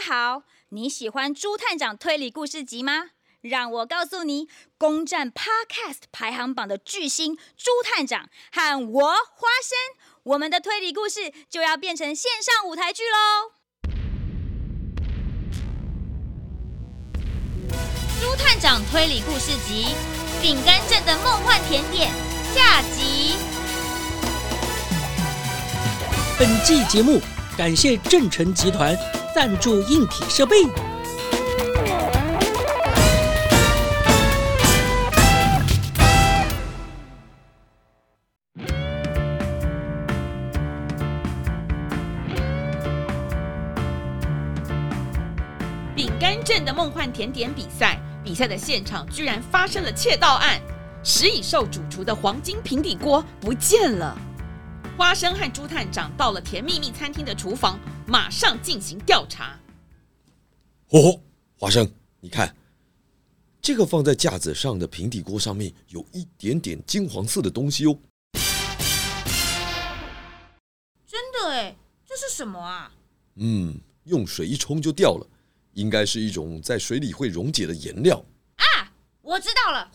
好，你喜歡《豬探長推理故事集》嗎？讓我告訴你，攻占 Podcast 排行榜的巨星豬探長和我花生，我們的推理故事就要變成線上舞台劇嘍！《豬探長推理故事集》餅乾鎮的夢幻甜點，下集。本季節目感謝正成集團。贊助硬體設備。餅乾鎮的夢幻甜點比賽，比賽的現場居然發生了竊盜案，食蟻獸主廚的黃金平底鍋不見了。花生和豬探長到了甜蜜蜜餐廳的廚房，馬上進行調查。哦，花生，你看，這個放在架子上的平底鍋上面有一點點金黃色的東西哦。真的哎，這是什麼啊？嗯，用水一沖就掉了，應該是一種在水裡會溶解的顏料。啊，我知道了，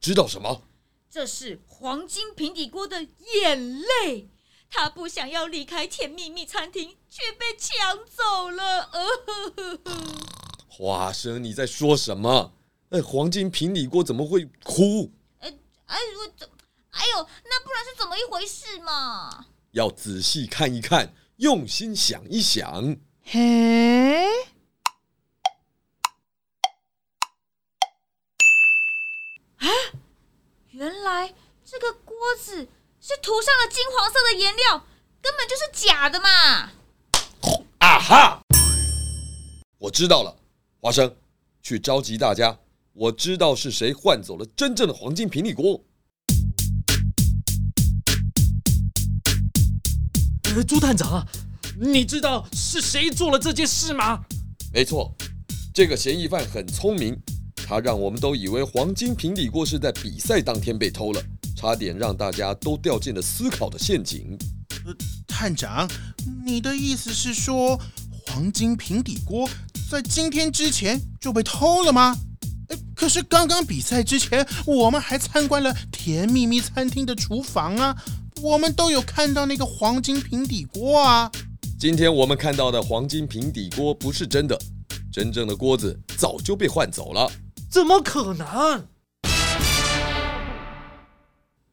知道什麼？這是黃金平底鍋的眼淚，他不想要離開甜蜜蜜餐廳，卻被搶走了。呃、呵呵呵，花生，你在說什麼？哎，黃金平底鍋怎麼會哭？哎哎，我哎，哎呦，那不然是怎麼一回事嘛？要仔細看一看，用心想一想。嘿。這個鍋子是塗上了金黃色的顏料，根本就是假的嘛！啊哈！我知道了，花生，去召集大家。我知道是誰換走了真正的黃金平底鍋。呃，豬探長，你知道是誰做了這件事嗎？沒錯，這個嫌疑犯很聰明。他讓我們都以為黃金平底鍋是在比賽當天被偷了，差點讓大家都掉進了思考的陷阱。呃，探長，你的意思是說，黃金平底鍋在今天之前就被偷了嗎？哎，可是剛剛比賽之前，我們還參觀了甜蜜蜜餐廳的廚房啊，我們都有看到那個黃金平底鍋啊。今天我們看到的黃金平底鍋不是真的，真正的鍋子早就被換走了。怎麼可能？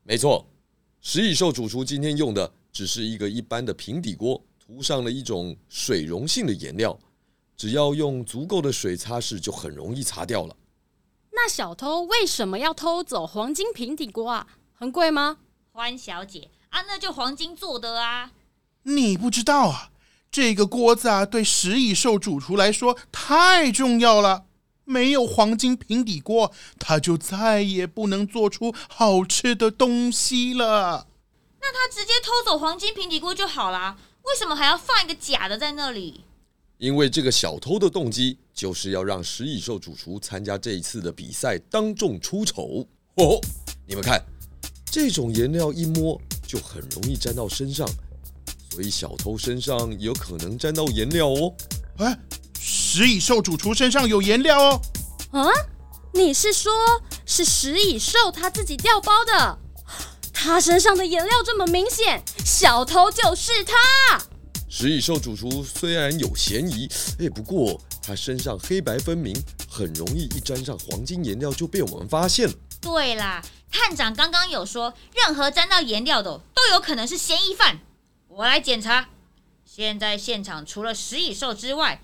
沒錯，食蟻獸主廚今天用的只是一個一般的平底鍋，塗上了一種水溶性的顏料，只要用足夠的水擦拭，就很容易擦掉了。那小偷為什麼要偷走黃金平底鍋啊？很貴嗎？歡小姐啊，那就黃金做的啊。你不知道啊，這個鍋子啊，對食蟻獸主廚來說太重要了。沒有黃金平底鍋，他就再也不能做出好吃的東西了。那他直接偷走黃金平底鍋就好啦，為什麼還要放一個假的在那裡？因為這個小偷的動機就是要讓食蟻獸主廚參加這一次的比賽，當眾出醜。哦，你們看，這種顏料一摸就很容易沾到身上，所以小偷身上有可能沾到顏料哦。哎。食蟻獸主廚身上有顏料哦！啊，你是說是食蟻獸他自己掉包的？他身上的顏料這麼明顯，小偷就是他。食蟻獸主廚雖然有嫌疑，哎，不過他身上黑白分明，很容易一沾上黃金顏料就被我們發現了。對啦，探長剛剛有說，任何沾到顏料的都有可能是嫌疑犯。我來檢查，現在現場除了食蟻獸之外。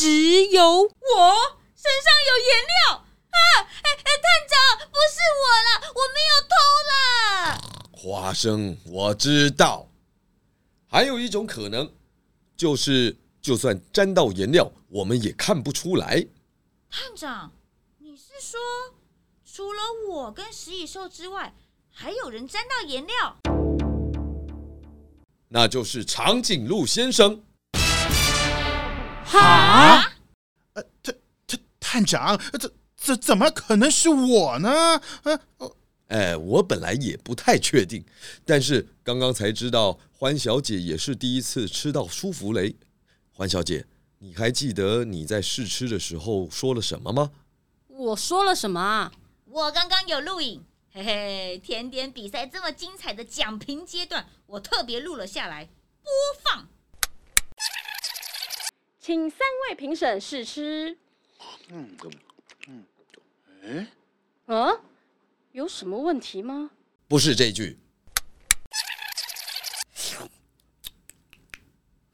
只有我身上有顏料啊！哎哎，探長，不是我了，我沒有偷了。花生，我知道。還有一種可能，就是就算沾到顏料，我們也看不出來。探長，你是說，除了我跟食蟻獸之外，還有人沾到顏料？那就是長頸鹿先生。哈啊！呃，這這探長，怎怎怎麼可能是我呢？呃、啊啊哎，我本來也不太確定，但是剛剛才知道歡小姐也是第一次吃到舒芙蕾。歡小姐，你還記得你在試吃的時候說了什麼嗎？我說了什麼啊？我剛剛有錄影，嘿嘿，甜點比賽這麼精彩的講評階段，我特別錄了下來，播放。請三位評審試吃。嗯，嗯。嗯。嗯，嗯。啊，有什麼問題嗎？不是這句。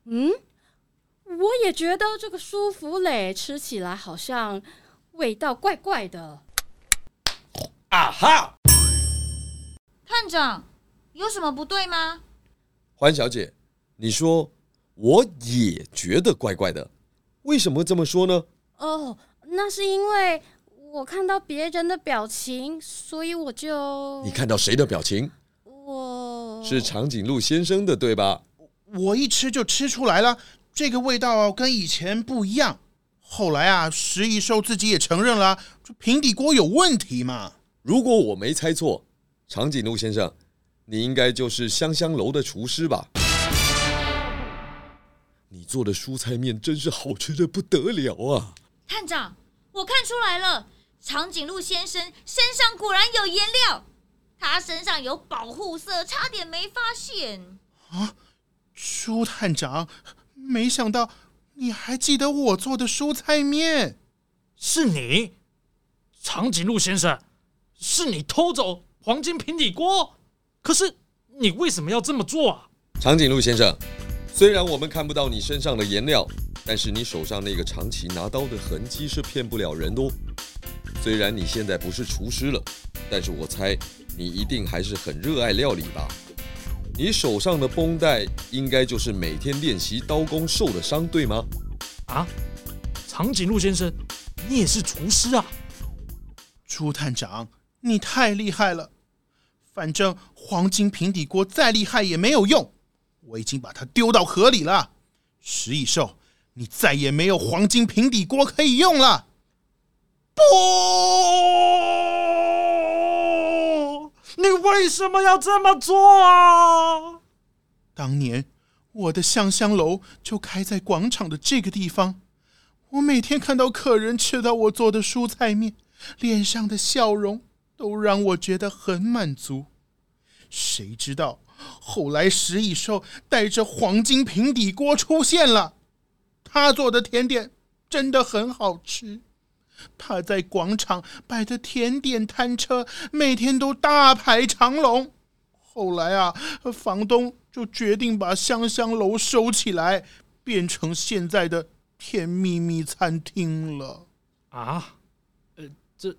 嗯，我也覺得這個舒芙蕾吃起來好像味道怪怪的。啊哈！探長，有什麼不對嗎？歡小姐，你說。我也覺得怪怪的。為什麼這麼說呢？哦，oh, 那是因為我看到別人的表情，所以我就……你看到誰的表情？我是長頸鹿先生的，對吧？我一吃就吃出來了，這個味道跟以前不一樣。後來啊，食蟻獸自己也承認了，這平底鍋有問題嘛。如果我沒猜錯，長頸鹿先生，你應該就是香香樓的廚師吧？你做的蔬菜麵真是好吃的不得了啊！探長，我看出來了，長頸鹿先生身上果然有顏料，他身上有保護色，差點沒發現啊！豬探長，沒想到你還記得我做的蔬菜麵。是你，長頸鹿先生，是你偷走黃金平底鍋，可是你為什麼要這麼做啊？長頸鹿先生。雖然我們看不到你身上的顏料，但是你手上那個長期拿刀的痕跡是騙不了人的哦。雖然你現在不是廚師了，但是我猜你一定還是很熱愛料理吧？你手上的繃帶應該就是每天練習刀工受的傷，對嗎？啊，長頸鹿先生，你也是廚師啊？豬探長，你太厲害了！反正黃金平底鍋再厲害也沒有用。我已經把它丟到河裡了，食蟻獸，你再也沒有黃金平底鍋可以用了。不，你為什麼要這麼做啊？當年我的香香樓就開在廣場的這個地方，我每天看到客人吃到我做的蔬菜麵，臉上的笑容都讓我覺得很滿足。誰知道，後來食蟻獸帶着黃金平底鍋出現了，他做的甜點真的很好吃，他在廣場擺的甜點攤車每天都大排長龍。後來啊，房東就決定把香香樓收起來，變成現在的甜蜜蜜餐廳了。啊，呃，這，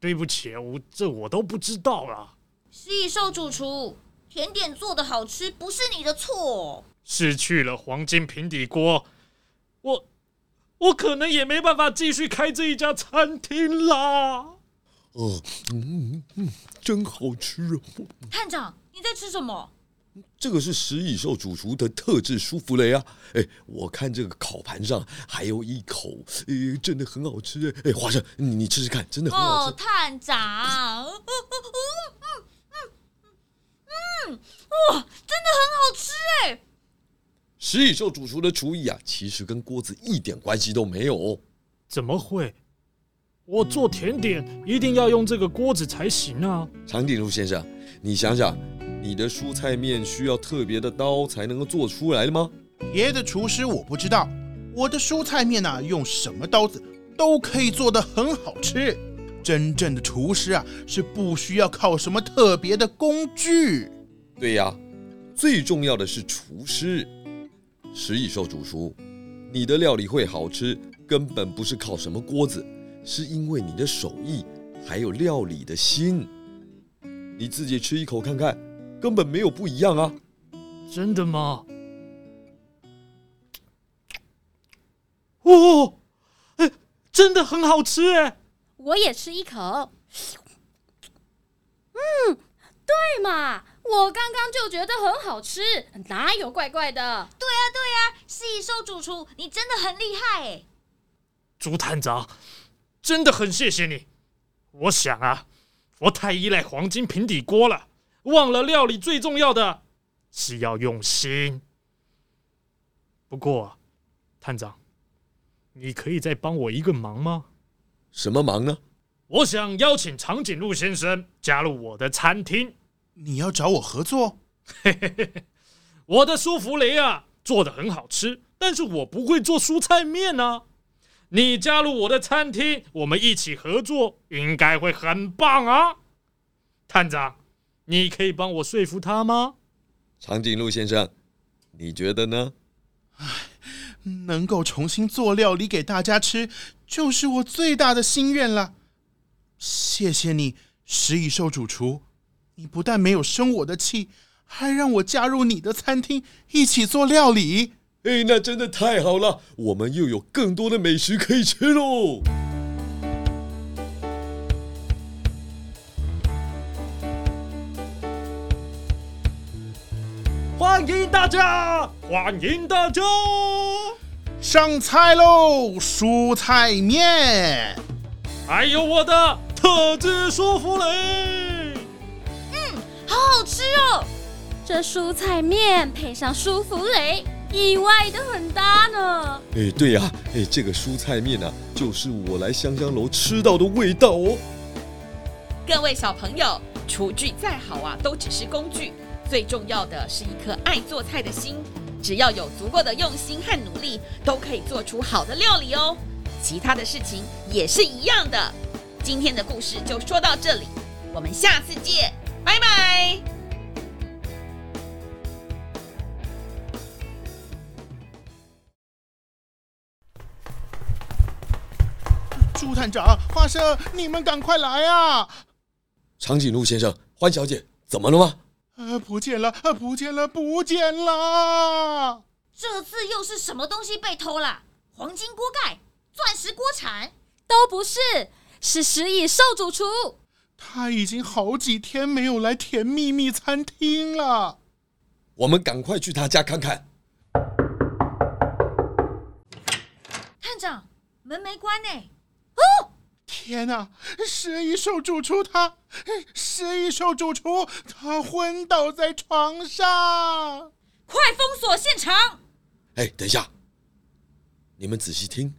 對不起啊，我這我都不知道啊。食蟻獸主廚甜點做的好吃，不是你的錯哦。失去了黃金平底鍋，我我可能也沒辦法繼續開這一家餐廳啦。哦，嗯嗯，嗯，真好吃哦！探長，你在吃什麼？這個是食蟻獸主廚的特制舒芙蕾啊！哎，我看這個烤盤上還有一口，哎，真的很好吃哎！哎，花生，你吃吃看，真的很好吃。哦，探長。哇，真的很好吃哎！食蟻獸主廚的廚藝啊，其實跟鍋子一點關係都沒有哦。怎麼會？我做甜點一定要用這個鍋子才行啊！長頸鹿先生，你想想，你的蔬菜麵需要特別的刀才能夠做出來的嗎？別的廚師我不知道，我的蔬菜麵啊用什麼刀子都可以做得很好吃。真正的廚師啊，是不需要靠什麼特別的工具。對呀、啊，最重要的是廚師。食蟻獸主廚，你的料理會好吃，根本不是靠什麼鍋子，是因為你的手藝還有料理的心。你自己吃一口看看，根本沒有不一樣啊！真的嗎？哦，哎，真的很好吃哎！我也吃一口。嗯，對嘛。我剛剛就覺得很好吃，哪有怪怪的？對呀、啊、對呀、啊，是一手主廚，你真的很厲害哎、欸！豬探長，真的很謝謝你。我想啊，我太依賴黃金平底鍋了，忘了料理最重要的是要用心。不過，探長，你可以再幫我一個忙嗎？什麼忙呢？我想邀請長頸鹿先生加入我的餐廳。你要找我合作？ 我的舒芙蕾啊，做得很好吃，但是我不會做蔬菜麵呢、啊。你加入我的餐廳，我們一起合作，應該會很棒啊！探長，你可以幫我說服他嗎？長頸鹿先生，你覺得呢？唉，能夠重新做料理給大家吃，就是我最大的心願了。謝謝你，食蟻獸主廚。你不但沒有生我的氣，還讓我加入你的餐廳一起做料理。誒,那真的太好了，我們又有更多的美食可以吃嘍！歡迎大家，歡迎大家！上菜嘍，蔬菜麵，還有我的特制舒芙蕾。好好吃哦！這蔬菜麵配上舒芙蕾，意外的很搭呢。欸，對呀，啊，誒，欸，這個蔬菜麵呢，啊，就是我來香香樓吃到的味道哦。各位小朋友，廚具再好啊，都只是工具，最重要的是一顆愛做菜的心。只要有足夠的用心和努力，都可以做出好的料理哦。其他的事情也是一樣的。今天的故事就說到這裡，我們下次見。拜拜！Bye bye 豬探長、花生，你們趕快來啊！長頸鹿先生、歡小姐，怎麼了嗎？啊、呃，不見了！啊、呃，不見了！不見了！這次又是什麼東西被偷了？黃金鍋蓋、鑽石鍋鏟，都不是，是食蟻獸主廚。他已經好幾天沒有來甜蜜蜜餐廳了，我們趕快去他家看看。探長，門沒關呢。哦，天吶，食蟻獸主廚他，食蟻獸主廚他昏倒在床上。快封鎖現場！哎，等一下，你們仔細聽。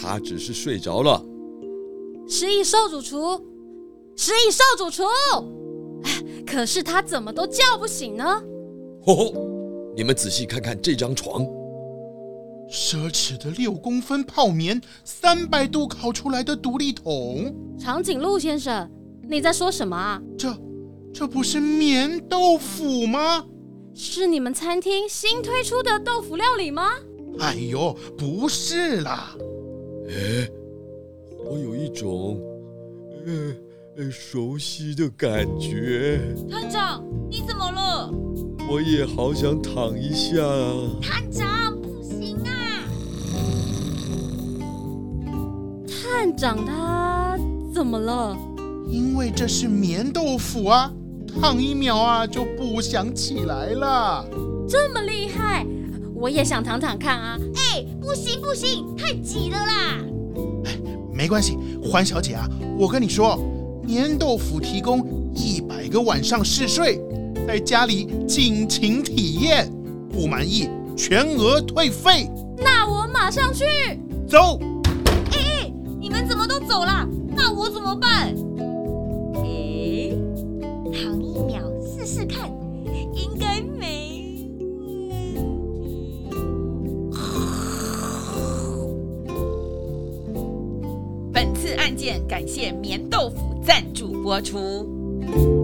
他只是睡着了。食蟻獸主廚！食蟻獸主廚！哎，可是他怎麼都叫不醒呢？哦，你們仔細看看這張床，奢侈的六公分泡棉，三百度烤出來的獨立筒。長頸鹿先生，你在說什麼啊？這，這不是眠豆腐嗎？是你們餐廳新推出的豆腐料理嗎？哎呦，不是啦。哎，我有一種嗯熟悉的感覺。探長，你怎麼了？我也好想躺一下啊。探長，不行啊。探長他怎麼了？因為這是眠豆腐啊，躺一秒啊就不想起來了。這麼厲害？我也想躺躺看啊！哎、欸，不行不行，太擠了啦！哎，沒關係，歡小姐啊，我跟你說，眠豆腐提供一百個晚上試睡，在家裡盡情體驗，不滿意全額退費。那我馬上去走。哎哎、欸欸，你們怎麼都走了？那我怎麼辦？感謝眠豆腐贊助播出。